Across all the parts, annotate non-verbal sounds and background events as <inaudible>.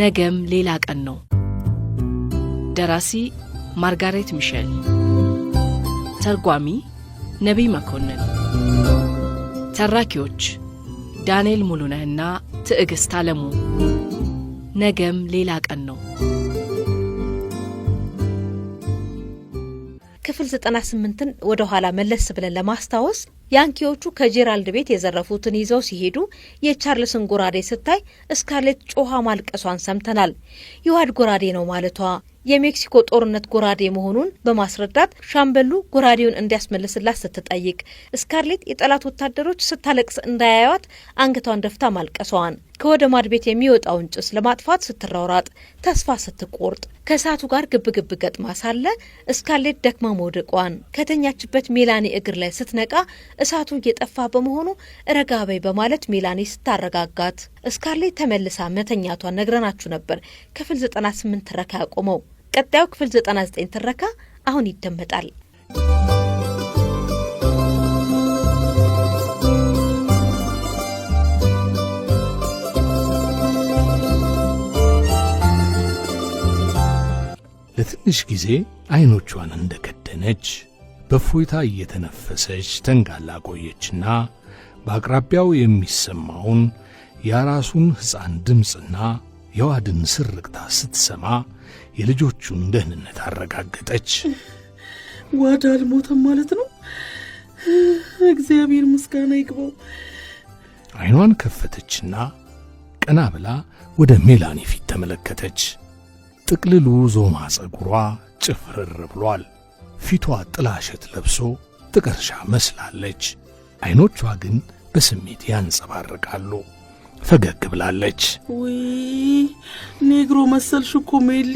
ነገም ሌላ ቀን ነው። ደራሲ ማርጋሬት ሚሸል፣ ተርጓሚ ነቢይ መኮንን፣ ተራኪዎች ዳንኤል ሙሉነህና ትዕግሥት አለሙ። ነገም ሌላ ቀን ነው። ክፍል 98ን ወደ ኋላ መለስ ብለን ለማስታወስ ያንኪዎቹ ከጄራልድ ቤት የዘረፉትን ይዘው ሲሄዱ የቻርልስን ጎራዴ ስታይ እስካርሌት ጮኋ ማልቀሷን ሰምተናል። ይዋድ ጎራዴ ነው ማለቷ የሜክሲኮ ጦርነት ጎራዴ መሆኑን በማስረዳት ሻምበሉ ጎራዴውን እንዲያስመልስላት ስትጠይቅ፣ እስካርሌት የጠላት ወታደሮች ስታለቅስ እንዳያዩት አንገቷን ደፍታ ማልቀሷዋን ከወደ ማድ ቤት የሚወጣውን ጭስ ለማጥፋት ስትራውራጥ ተስፋ ስትቆርጥ ከእሳቱ ጋር ግብግብ ገጥማ ሳለ እስካሌት ደክማ መውደቋን ከተኛችበት ሜላኒ እግር ላይ ስትነቃ እሳቱ እየጠፋ በመሆኑ ረጋ በይ በማለት ሜላኒ ስታረጋጋት እስካሌት ተመልሳ መተኛቷን ነግረናችሁ ነበር። ክፍል 98 ትረካ ያቆመው። ቀጣዩ ክፍል 99 ትረካ አሁን ይደመጣል። ለትንሽ ጊዜ ዐይኖቿን እንደ ከደነች በእፎይታ እየተነፈሰች ተንጋላ ቆየችና በአቅራቢያው የሚሰማውን የአራሱን ሕፃን ድምፅና የዋድን ስርቅታ ስትሰማ የልጆቹን ደህንነት አረጋገጠች። ዋድ አልሞተም ማለት ነው። እግዚአብሔር ምስጋና ይግባው። ዐይኗን ከፈተችና ቀና ብላ ወደ ሜላኒ ፊት ተመለከተች። ጥቅልሉ ዞማ ጸጉሯ ጭፍርር ብሏል። ፊቷ ጥላሸት ለብሶ ጥቀርሻ መስላለች። ዐይኖቿ ግን በስሜት ያንጸባርቃሉ። ፈገግ ብላለች። ውይ ኔግሮ መሰልሽ እኮ ሜሊ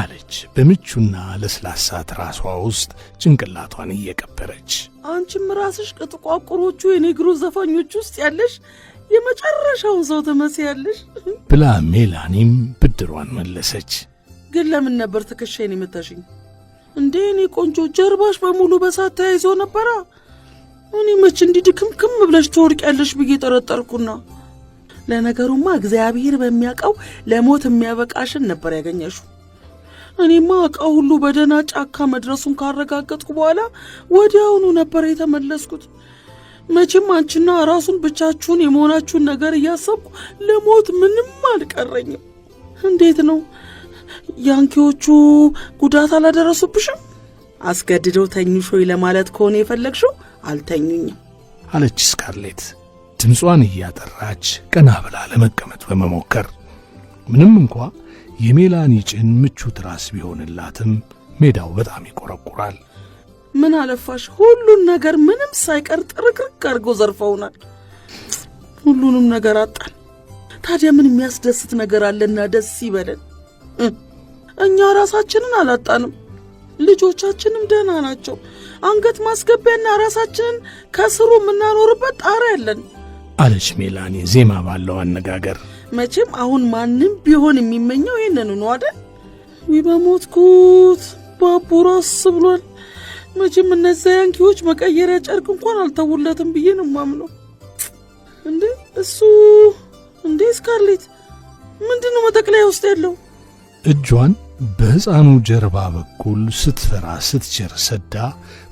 አለች በምቹና ለስላሳ ትራሷ ውስጥ ጭንቅላቷን እየቀበረች። አንቺም ራስሽ ከጥቋቁሮቹ የኔግሮ ዘፋኞች ውስጥ ያለሽ የመጨረሻውን ሰው ትመስያለሽ ብላ ሜላኒም ብድሯን መለሰች። ግን ለምን ነበር ትከሻዬን የመታሽኝ? እንዴ እኔ ቆንጆ ጀርባሽ በሙሉ በሳት ተያይዞ ነበረ እኔ መች እንዲህ ድክምክም ብለሽ ትወድቂያለሽ ብዬ ጠረጠርኩና ለነገሩማ እግዚአብሔር በሚያውቀው ለሞት የሚያበቃሽን ነበር ያገኘሹ። እኔማ ዕቃ ሁሉ በደህና ጫካ መድረሱን ካረጋገጥኩ በኋላ ወዲያውኑ ነበር የተመለስኩት። መቼም አንቺና ራሱን ብቻችሁን የመሆናችሁን ነገር እያሰብኩ ለሞት ምንም አልቀረኝም። እንዴት ነው ያንኪዎቹ ጉዳት አላደረሱብሽም? አስገድደው ተኙሾይ ለማለት ከሆነ የፈለግሽው አልተኙኝም፣ አለች ስካርሌት ድምጿን እያጠራች ቀና ብላ ለመቀመጥ በመሞከር ምንም እንኳ የሜላኒ ጭን ምቹ ትራስ ቢሆንላትም ሜዳው በጣም ይቆረቁራል። ምን አለፋሽ ሁሉን ነገር ምንም ሳይቀር ጥርቅርቅ አድርጎ ዘርፈውናል። ሁሉንም ነገር አጣን። ታዲያ ምን የሚያስደስት ነገር አለና ደስ ይበለን? እኛ ራሳችንን አላጣንም፣ ልጆቻችንም ደህና ናቸው። አንገት ማስገቢያና ራሳችንን ከስሩ የምናኖርበት ጣራ ያለን አለች ሜላኒ ዜማ ባለው አነጋገር። መቼም አሁን ማንም ቢሆን የሚመኘው ይህንኑ ነው አደል? ዊ በሞትኩት ባቡር አስ ብሏል። መቼም እነዚ ያንኪዎች መቀየሪያ ጨርቅ እንኳን አልተውለትም ብዬ ነው ማምነው። እንዴ እሱ እንዴ ስካርሌት፣ ምንድን ነው መጠቅለያ ውስጥ ያለው? እጇን በሕፃኑ ጀርባ በኩል ስትፈራ ስትችር ሰዳ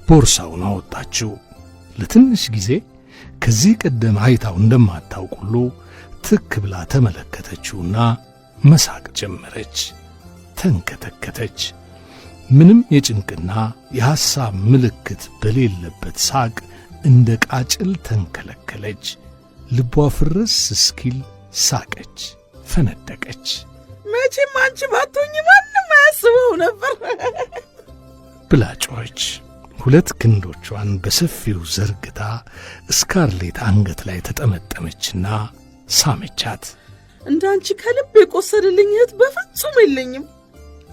ቦርሳውን አወጣችው። ለትንሽ ጊዜ ከዚህ ቀደም አይታው እንደማታውቅ ሁሉ ትክ ብላ ተመለከተችውና መሳቅ ጀመረች። ተንከተከተች። ምንም የጭንቅና የሐሳብ ምልክት በሌለበት ሳቅ እንደ ቃጭል ተንከለከለች። ልቧ ፍርስ እስኪል ሳቀች፣ ፈነደቀች። መቼም አንቺ ባቶኝ ማንም አያስበው ነበር <laughs> ብላጮች ሁለት ክንዶቿን በሰፊው ዘርግታ እስካርሌት አንገት ላይ ተጠመጠመችና ሳመቻት። እንዳንቺ ከልብ የቆሰልልኝ እህት በፍጹም የለኝም።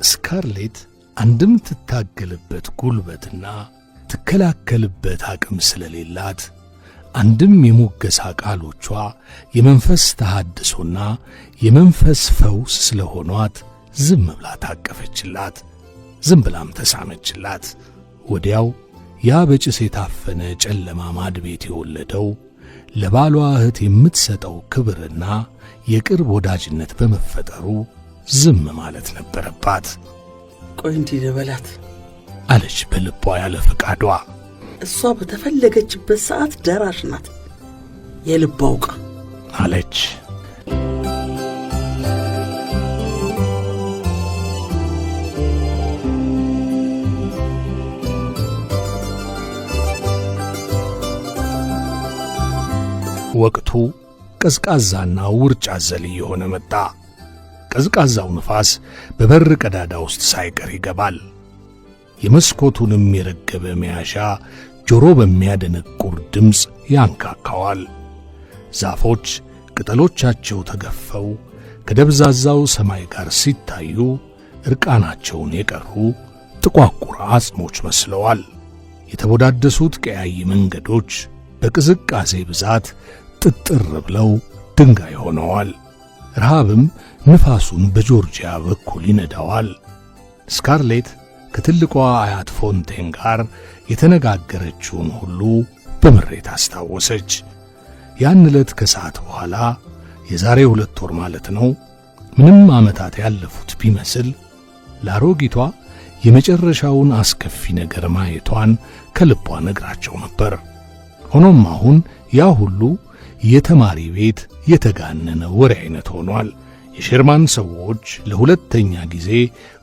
እስካርሌት አንድም ትታገልበት ጉልበትና ትከላከልበት አቅም ስለሌላት አንድም የሞገሳ ቃሎቿ የመንፈስ ተሐድሶና የመንፈስ ፈውስ ስለሆኗት ዝም ብላ ታቀፈችላት፣ ዝም ብላም ተሳመችላት። ወዲያው ያ በጭስ የታፈነ ጨለማ ማድ ቤት የወለደው ለባሏ እህት የምትሰጠው ክብርና የቅርብ ወዳጅነት በመፈጠሩ ዝም ማለት ነበረባት። ቆይ እንዲህ ልበላት አለች በልቧ ያለ ፈቃዷ። እሷ በተፈለገችበት ሰዓት ደራሽ ናት የልቧ አውቃ አለች። ወቅቱ ቀዝቃዛና ውርጫ ዘል እየሆነ መጣ። ቀዝቃዛው ንፋስ በበር ቀዳዳ ውስጥ ሳይቀር ይገባል። የመስኮቱንም የረገበ መያዣ ጆሮ በሚያደነቁር ድምፅ ያንካካዋል። ዛፎች ቅጠሎቻቸው ተገፈው ከደብዛዛው ሰማይ ጋር ሲታዩ እርቃናቸውን የቀሩ ጥቋቁር አጽሞች መስለዋል። የተቦዳደሱት ቀያይ መንገዶች በቅዝቃዜ ብዛት ጥጥር ብለው ድንጋይ ሆነዋል። ረሃብም ንፋሱን በጆርጂያ በኩል ይነዳዋል። ስካርሌት ከትልቋ አያት ፎንቴን ጋር የተነጋገረችውን ሁሉ በምሬት አስታወሰች። ያን ዕለት ከሰዓት በኋላ የዛሬ ሁለት ወር ማለት ነው፣ ምንም ዓመታት ያለፉት ቢመስል ለአሮጊቷ የመጨረሻውን አስከፊ ነገር ማየቷን ከልቧ ነግራቸው ነበር። ሆኖም አሁን ያ ሁሉ የተማሪ ቤት የተጋነነ ወሬ አይነት ሆኗል። የሼርማን ሰዎች ለሁለተኛ ጊዜ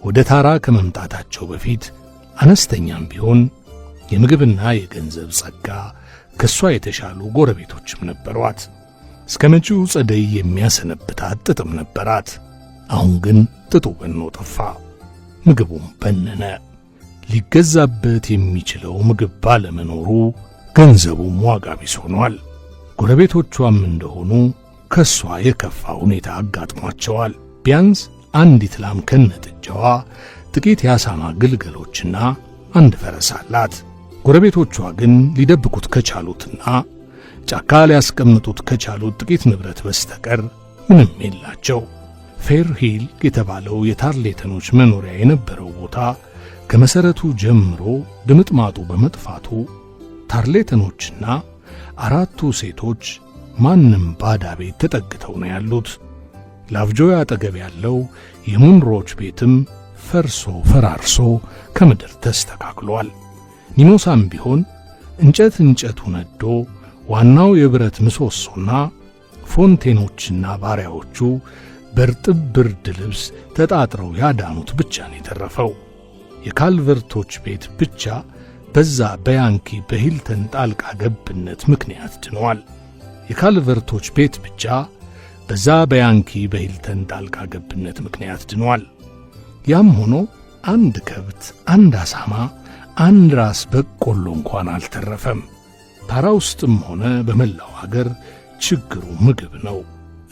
ወደ ታራ ከመምጣታቸው በፊት አነስተኛም ቢሆን የምግብና የገንዘብ ጸጋ ከእሷ የተሻሉ ጎረቤቶችም ነበሯት። እስከ መጪው ጸደይ የሚያሰነብታት ጥጥም ነበራት። አሁን ግን ጥጡ በኖ ጠፋ፣ ምግቡም በነነ። ሊገዛበት የሚችለው ምግብ ባለመኖሩ ገንዘቡም ዋጋ ቢስ ሆኗል። ጎረቤቶቿም እንደሆኑ ከእሷ የከፋ ሁኔታ አጋጥሟቸዋል። ቢያንስ አንዲት ላም ከነጥጃዋ፣ ጥቂት የአሳማ ግልገሎችና አንድ ፈረስ አላት። ጎረቤቶቿ ግን ሊደብቁት ከቻሉትና ጫካ ሊያስቀምጡት ከቻሉት ጥቂት ንብረት በስተቀር ምንም የላቸው። ፌር ሂል የተባለው የታርሌተኖች መኖሪያ የነበረው ቦታ ከመሠረቱ ጀምሮ ድምጥማጡ በመጥፋቱ ታርሌተኖችና አራቱ ሴቶች ማንም ባዳ ቤት ተጠግተው ነው ያሉት። ላቭጆይ አጠገብ ያለው የሙንሮች ቤትም ፈርሶ ፈራርሶ ከምድር ተስተካክሏል። ኒሞሳም ቢሆን እንጨት እንጨቱ ነዶ ዋናው የብረት ምሰሶና ፎንቴኖችና ባሪያዎቹ በርጥብ ብርድ ልብስ ተጣጥረው ያዳኑት ብቻ ነው የተረፈው። የካልቨርቶች ቤት ብቻ በዛ በያንኪ በሂልተን ጣልቃ ገብነት ምክንያት ድኗል። የካልቨርቶች ቤት ብቻ በዛ በያንኪ በሂልተን ጣልቃ ገብነት ምክንያት ድኗል። ያም ሆኖ አንድ ከብት፣ አንድ አሳማ፣ አንድ ራስ በቆሎ እንኳን አልተረፈም። ታራ ውስጥም ሆነ በመላው አገር ችግሩ ምግብ ነው፣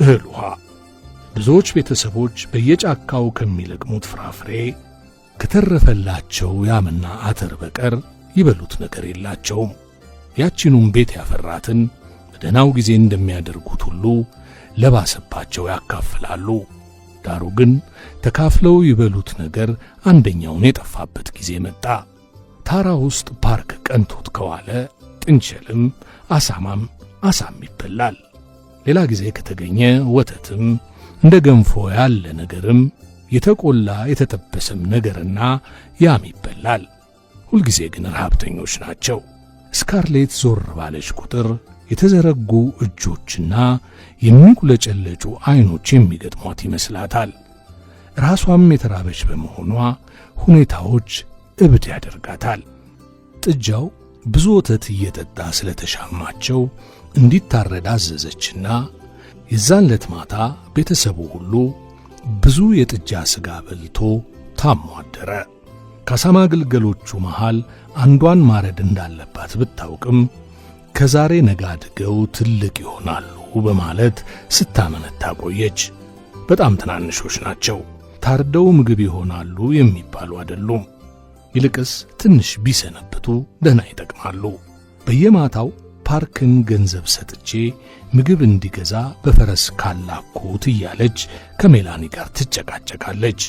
እህል ውሃ። ብዙዎች ቤተሰቦች በየጫካው ከሚለቅሙት ፍራፍሬ ከተረፈላቸው ያምና አተር በቀር ይበሉት ነገር የላቸውም። ያቺኑም ቤት ያፈራትን በደህናው ጊዜ እንደሚያደርጉት ሁሉ ለባሰባቸው ያካፍላሉ። ዳሩ ግን ተካፍለው ይበሉት ነገር አንደኛውን የጠፋበት ጊዜ መጣ። ታራ ውስጥ ፓርክ ቀንቶት ከዋለ ጥንቸልም አሳማም አሳም ይበላል። ሌላ ጊዜ ከተገኘ ወተትም እንደ ገንፎ ያለ ነገርም የተቆላ የተጠበሰም ነገርና ያም ይበላል። ሁልጊዜ ግን ረሃብተኞች ናቸው። ስካርሌት ዞር ባለች ቁጥር የተዘረጉ እጆችና የሚቁለጨለጩ ዐይኖች የሚገጥሟት ይመስላታል። ራሷም የተራበች በመሆኗ ሁኔታዎች እብድ ያደርጋታል። ጥጃው ብዙ ወተት እየጠጣ ስለተሻማቸው እንዲታረድ አዘዘችና የዛን ለት ማታ ቤተሰቡ ሁሉ ብዙ የጥጃ ሥጋ በልቶ ታሞ አደረ። ካሳማ ግልገሎቹ መሃል አንዷን ማረድ እንዳለባት ብታውቅም ከዛሬ ነገ አድገው ትልቅ ይሆናሉ በማለት ስታመነታ ቆየች። በጣም ትናንሾች ናቸው። ታርደው ምግብ ይሆናሉ የሚባሉ አይደሉም። ይልቅስ ትንሽ ቢሰነብቱ ደህና ይጠቅማሉ። በየማታው ፓርክን ገንዘብ ሰጥቼ ምግብ እንዲገዛ በፈረስ ካላኩት እያለች ከሜላኒ ጋር ትጨቃጨቃለች።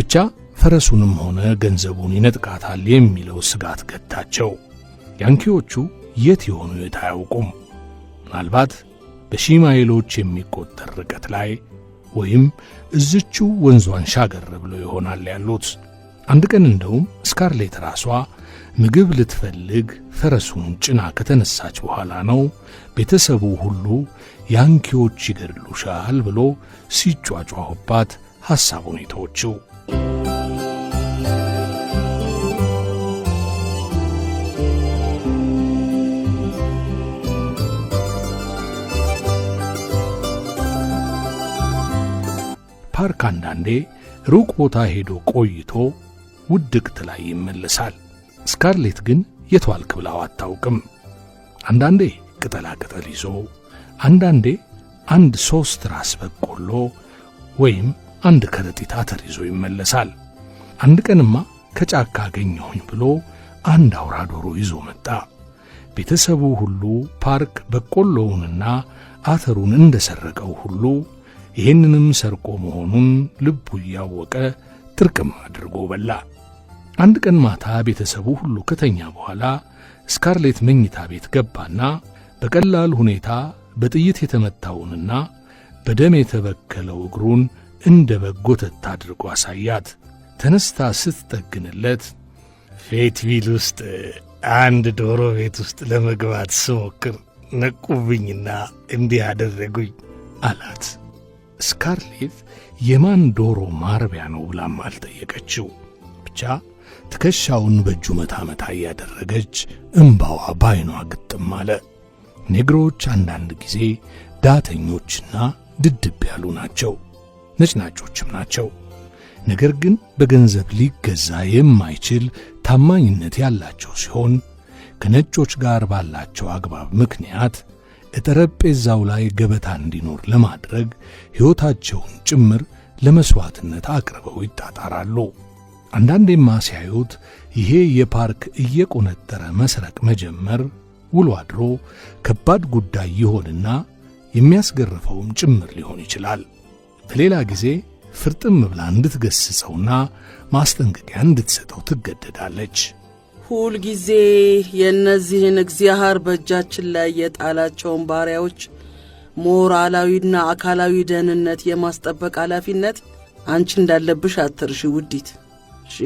ብቻ ፈረሱንም ሆነ ገንዘቡን ይነጥቃታል የሚለው ስጋት ገታቸው። ያንኪዎቹ የት የሆኑ አያውቁም። ምናልባት በሺማይሎች የሚቆጠር ርቀት ላይ ወይም እዝቹ ወንዟን ሻገር ብሎ ይሆናል ያሉት። አንድ ቀን እንደውም ስካርሌት ራሷ ምግብ ልትፈልግ ፈረሱን ጭና ከተነሳች በኋላ ነው ቤተሰቡ ሁሉ ያንኪዎች ይገድሉሻል ብሎ ሲጯጯሁባት ሐሳቡን የተወችው። ፓርክ አንዳንዴ ሩቅ ቦታ ሄዶ ቆይቶ ውድቅት ላይ ይመለሳል። ስካርሌት ግን የት ብላው አታውቅም። አንዳንዴ ቅጠላ ቅጠል ይዞ፣ አንዳንዴ አንድ ሦስት ራስ በቆሎ ወይም አንድ ከረጢት አተር ይዞ ይመለሳል። አንድ ቀንማ ከጫካ አገኘሁኝ ብሎ አንድ አውራ ዶሮ ይዞ መጣ። ቤተሰቡ ሁሉ ፓርክ በቆሎውንና አተሩን እንደሰረቀው ሁሉ ይህንንም ሰርቆ መሆኑን ልቡ እያወቀ ጥርቅም አድርጎ በላ። አንድ ቀን ማታ ቤተሰቡ ሁሉ ከተኛ በኋላ ስካርሌት መኝታ ቤት ገባና በቀላል ሁኔታ በጥይት የተመታውንና በደም የተበከለው እግሩን እንደ በጎተት አድርጎ አሳያት። ተነስታ ስትጠግንለት ፌትቪል ውስጥ አንድ ዶሮ ቤት ውስጥ ለመግባት ስሞክር ነቁብኝና እንዲህ አደረጉኝ አላት። ስካርሌት የማን ዶሮ ማርቢያ ነው ብላም አልጠየቀችው። ብቻ ትከሻውን በእጁ መታ መታ እያደረገች እምባዋ ባይኗ ግጥም አለ። ኔግሮዎች አንዳንድ ጊዜ ዳተኞችና ድድብ ያሉ ናቸው፣ ነጭናጮችም ናቸው። ነገር ግን በገንዘብ ሊገዛ የማይችል ታማኝነት ያላቸው ሲሆን ከነጮች ጋር ባላቸው አግባብ ምክንያት የጠረጴዛው ላይ ገበታ እንዲኖር ለማድረግ ሕይወታቸውን ጭምር ለመሥዋዕትነት አቅርበው ይጣጣራሉ። አንዳንዴማ ሲያዩት ይሄ የፓርክ እየቆነጠረ መስረቅ መጀመር ውሎ አድሮ ከባድ ጉዳይ ይሆንና የሚያስገርፈውም ጭምር ሊሆን ይችላል። በሌላ ጊዜ ፍርጥም ብላ እንድትገስጸውና ማስጠንቀቂያ እንድትሰጠው ትገደዳለች። ሁልጊዜ የእነዚህን እግዚአብሔር በእጃችን ላይ የጣላቸውን ባሪያዎች ሞራላዊና አካላዊ ደህንነት የማስጠበቅ ኃላፊነት አንቺ እንዳለብሽ አትርሺ ውዲት። እሺ፣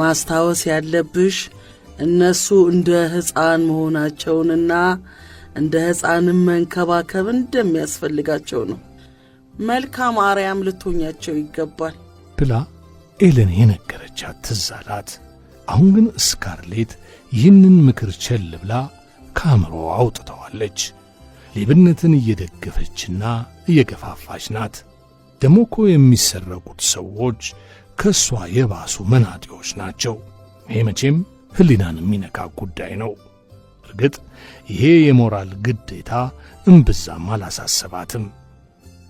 ማስታወስ ያለብሽ እነሱ እንደ ሕፃን መሆናቸውንና እንደ ሕፃንም መንከባከብ እንደሚያስፈልጋቸው ነው። መልካም አርያም ልትሆኛቸው ይገባል ብላ ኤለን የነገረቻት ትዝ አላት። አሁን ግን ስካርሌት ይህንን ምክር ቸል ብላ ከአእምሮ አውጥተዋለች። ሌብነትን እየደገፈችና እየገፋፋች ናት። ደሞ እኮ የሚሰረቁት ሰዎች ከእሷ የባሱ መናጢዎች ናቸው። ይሄ መቼም ሕሊናን የሚነካ ጉዳይ ነው። እርግጥ ይሄ የሞራል ግዴታ እምብዛም አላሳሰባትም።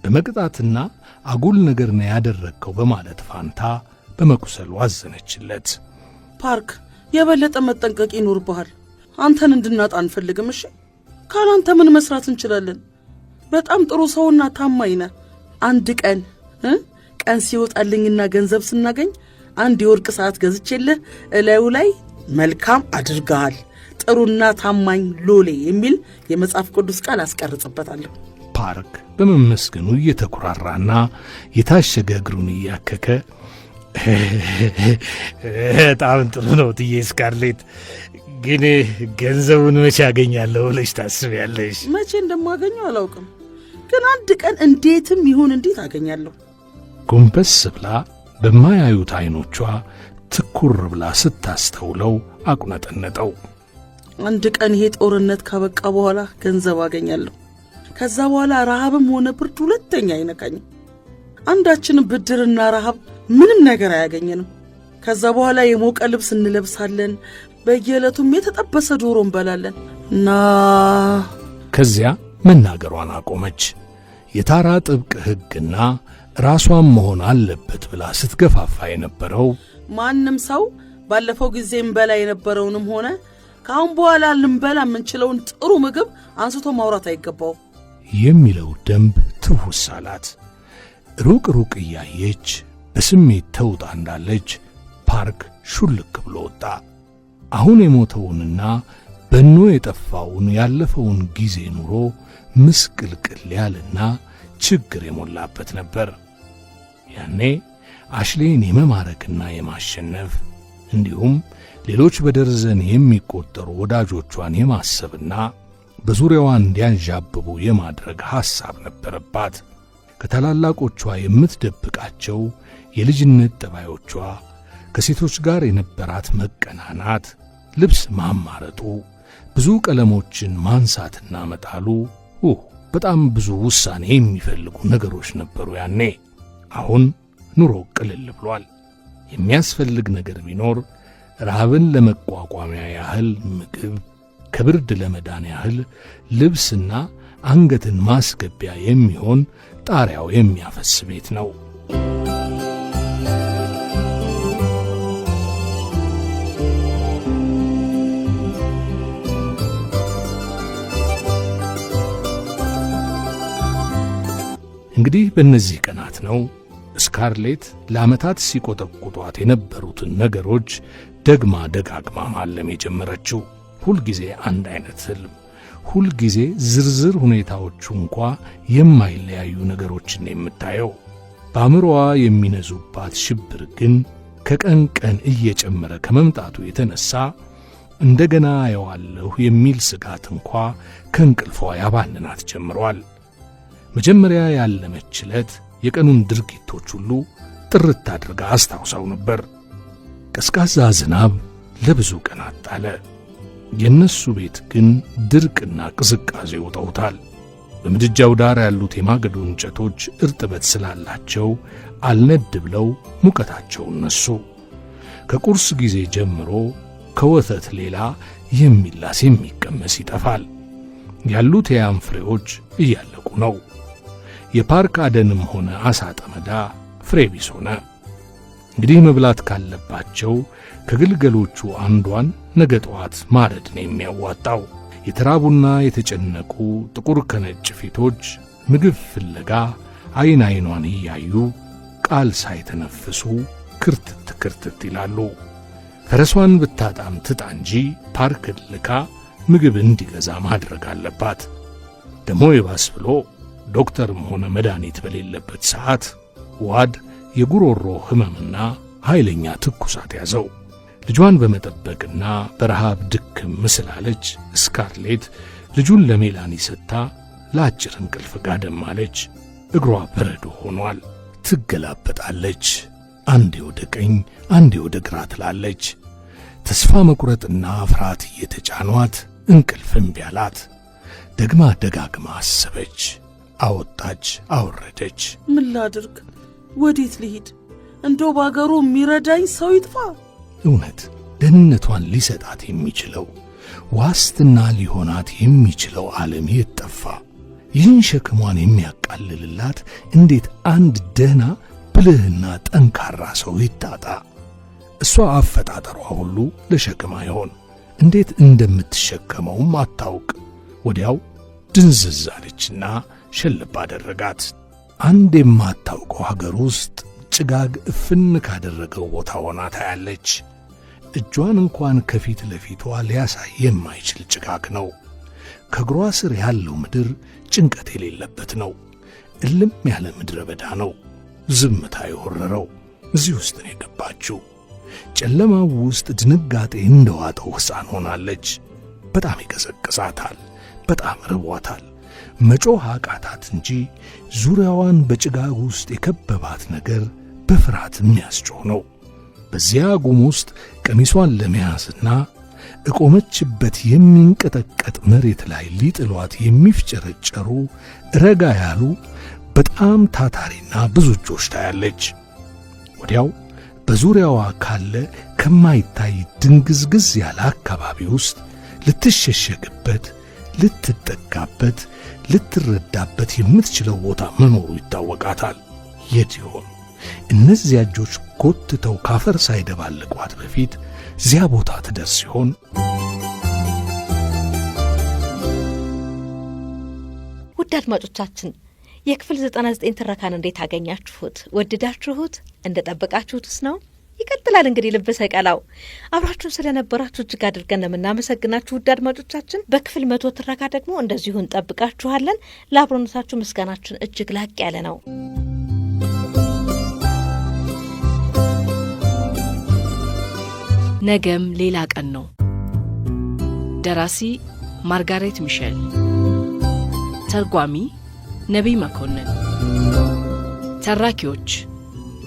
በመቅጣትና አጉል ነገር ነው ያደረግከው በማለት ፋንታ በመቁሰሉ አዘነችለት። ፓርክ የበለጠ መጠንቀቅ ይኖርብሃል። አንተን እንድናጣ አንፈልግም። እሺ፣ ካላንተ ምን መስራት እንችላለን? በጣም ጥሩ ሰውና ታማኝ ነህ። አንድ ቀን ቀን ሲወጣልኝና ገንዘብ ስናገኝ አንድ የወርቅ ሰዓት ገዝቼልህ እላዩ ላይ መልካም አድርገሃል፣ ጥሩና ታማኝ ሎሌ የሚል የመጽሐፍ ቅዱስ ቃል አስቀርጽበታለሁ። ፓርክ በመመስገኑ እየተኩራራና የታሸገ እግሩን እያከከ በጣም ጥሩ ነው ትዬ ስካርሌት፣ ግን ገንዘቡን መቼ አገኛለሁ ብለሽ ታስቢያለሽ? መቼ እንደማገኘው አላውቅም፣ ግን አንድ ቀን እንዴትም ይሁን እንዴት አገኛለሁ። ጎንበስ ብላ በማያዩት አይኖቿ ትኩር ብላ ስታስተውለው አቁነጠነጠው። አንድ ቀን ይሄ ጦርነት ካበቃ በኋላ ገንዘብ አገኛለሁ። ከዛ በኋላ ረሃብም ሆነ ብርድ ሁለተኛ አይነካኝም። አንዳችንም ብድርና ረሃብ ምንም ነገር አያገኘንም። ከዛ በኋላ የሞቀ ልብስ እንለብሳለን። በየዕለቱም የተጠበሰ ዶሮ እንበላለን እና ከዚያ መናገሯን አቆመች። የታራ ጥብቅ ሕግና ራሷን መሆን አለበት ብላ ስትገፋፋ የነበረው ማንም ሰው ባለፈው ጊዜ እንበላ የነበረውንም ሆነ ከአሁን በኋላ ልንበላ የምንችለውን ጥሩ ምግብ አንስቶ ማውራት አይገባው። የሚለው ደንብ ትውስ አላት። ሩቅ ሩቅ እያየች በስሜት ተውጣ እንዳለች ፓርክ ሹልክ ብሎ ወጣ። አሁን የሞተውንና በኖ የጠፋውን ያለፈውን ጊዜ ኑሮ ምስቅልቅል ያለና ችግር የሞላበት ነበር። ያኔ አሽሌን የመማረክና የማሸነፍ እንዲሁም ሌሎች በደርዘን የሚቆጠሩ ወዳጆቿን የማሰብና በዙሪያዋ እንዲያንዣብቡ የማድረግ ሐሳብ ነበረባት። ከታላላቆቿ የምትደብቃቸው የልጅነት ጠባዮቿ፣ ከሴቶች ጋር የነበራት መቀናናት፣ ልብስ ማማረጡ፣ ብዙ ቀለሞችን ማንሳትና መጣሉ፣ በጣም ብዙ ውሳኔ የሚፈልጉ ነገሮች ነበሩ ያኔ። አሁን ኑሮ ቅልል ብሏል። የሚያስፈልግ ነገር ቢኖር ረሃብን ለመቋቋሚያ ያህል ምግብ፣ ከብርድ ለመዳን ያህል ልብስና አንገትን ማስገቢያ የሚሆን ጣሪያው የሚያፈስ ቤት ነው። እንግዲህ በእነዚህ ቀናት ነው ስካርሌት ለዓመታት ሲቆጠቁጧት የነበሩትን ነገሮች ደግማ ደጋግማ ማለም የጀመረችው። ሁልጊዜ አንድ አይነት ህልም፣ ሁልጊዜ ዝርዝር ሁኔታዎቹ እንኳ የማይለያዩ ነገሮችን የምታየው። በአእምሮዋ የሚነዙባት ሽብር ግን ከቀን ቀን እየጨመረ ከመምጣቱ የተነሣ እንደገና አየዋለሁ የሚል ስጋት እንኳ ከእንቅልፏ ያባንናት ጀምሯል። መጀመሪያ ያለመች ዕለት የቀኑን ድርጊቶች ሁሉ ጥርት አድርጋ አስታውሰው ነበር። ቀዝቃዛ ዝናብ ለብዙ ቀናት ጣለ። የእነሱ ቤት ግን ድርቅና ቅዝቃዜ ውጠውታል። በምድጃው ዳር ያሉት የማገዶ እንጨቶች እርጥበት ስላላቸው አልነድ ብለው ሙቀታቸውን ነሱ። ከቁርስ ጊዜ ጀምሮ ከወተት ሌላ የሚላስ የሚቀመስ ይጠፋል። ያሉት የያም ፍሬዎች እያለቁ ነው። የፓርክ አደንም ሆነ አሳ ጠመዳ ፍሬ ሆነ። እንግዲህ መብላት ካለባቸው ከግልገሎቹ አንዷን ነገ ጠዋት ማረድ ነው የሚያዋጣው። የተራቡና የተጨነቁ ጥቁር ከነጭ ፊቶች ምግብ ፍለጋ ዐይን ዐይኗን እያዩ ቃል ሳይተነፍሱ ክርትት ክርትት ይላሉ። ፈረሷን ብታጣም ትጣ እንጂ ፓርክ ልካ ምግብ እንዲገዛ ማድረግ አለባት። ደሞ የባስ ብሎ ዶክተርም ሆነ መድኃኒት በሌለበት ሰዓት ዋድ የጉሮሮ ሕመምና ኃይለኛ ትኩሳት ያዘው። ልጇን በመጠበቅና በረሃብ ድክም ምስላለች ስካርሌት ልጁን ለሜላኒ ሰጥታ ለአጭር እንቅልፍ ጋደም አለች። እግሯ በረዶ ሆኗል። ትገላበጣለች። አንዴ ወደ ቀኝ፣ አንዴ ወደ ግራ ትላለች። ተስፋ መቁረጥና ፍርሃት እየተጫኗት እንቅልፍም ቢያላት። ደግማ ደጋግማ አሰበች። አወጣች፣ አወረደች። ምን ላድርግ? ወዴት ልሂድ? እንደው በአገሩ የሚረዳኝ ሰው ይጥፋ። እውነት ደህንነቷን ሊሰጣት የሚችለው ዋስትና ሊሆናት የሚችለው ዓለም የት ጠፋ? ይህን ሸክሟን የሚያቃልልላት እንዴት አንድ ደህና ብልህና ጠንካራ ሰው ይታጣ? እሷ አፈጣጠሯ ሁሉ ለሸክም አይሆን፣ እንዴት እንደምትሸከመውም አታውቅ። ወዲያው ድንዝዝ አለችና ሽልብ አደረጋት። አንድ የማታውቀው ሀገር ውስጥ ጭጋግ እፍን ካደረገው ቦታ ሆና ታያለች። እጇን እንኳን ከፊት ለፊቷ ሊያሳይ የማይችል ጭጋግ ነው። ከእግሯ ስር ያለው ምድር ጭንቀት የሌለበት ነው። እልም ያለ ምድረ በዳ ነው። ዝምታ የወረረው እዚህ ውስጥ ነው የገባችው። ጨለማው ውስጥ ድንጋጤ እንደዋጠው ሕፃን ሆናለች። በጣም ይቀዘቅዛታል። በጣም ርቧታል። መጮህ አቃታት እንጂ ዙሪያዋን በጭጋግ ውስጥ የከበባት ነገር በፍርሃት የሚያስጮህ ነው። በዚያ ጉም ውስጥ ቀሚሷን ለመያዝና እቆመችበት የሚንቀጠቀጥ መሬት ላይ ሊጥሏት የሚፍጨረጨሩ ረጋ ያሉ በጣም ታታሪና ብዙ እጆች ታያለች። ወዲያው በዙሪያዋ ካለ ከማይታይ ድንግዝግዝ ያለ አካባቢ ውስጥ ልትሸሸግበት፣ ልትጠጋበት፣ ልትረዳበት የምትችለው ቦታ መኖሩ ይታወቃታል። የት ይሆን እነዚያ እጆች ጎትተው ካፈር ሳይደባልቋት በፊት እዚያ ቦታ ትደርስ ሲሆን ውድ አድማጮቻችን የክፍል 99 ትረካን እንዴት አገኛችሁት? ወድዳችሁት? እንደ ጠበቃችሁትስ ነው? ይቀጥላል። እንግዲህ ልብሰ ቀላው አብራችሁን ስለነበራችሁ እጅግ አድርገን ለምናመሰግናችሁ ውድ አድማጮቻችን፣ በክፍል መቶ ትረካ ደግሞ እንደዚሁ እንጠብቃችኋለን። ለአብሮነታችሁ ምስጋናችን እጅግ ላቅ ያለ ነው። ነገም ሌላ ቀን ነው። ደራሲ ማርጋሬት ሚሸል ተርጓሚ ነቢይ መኮንን፣ ተራኪዎች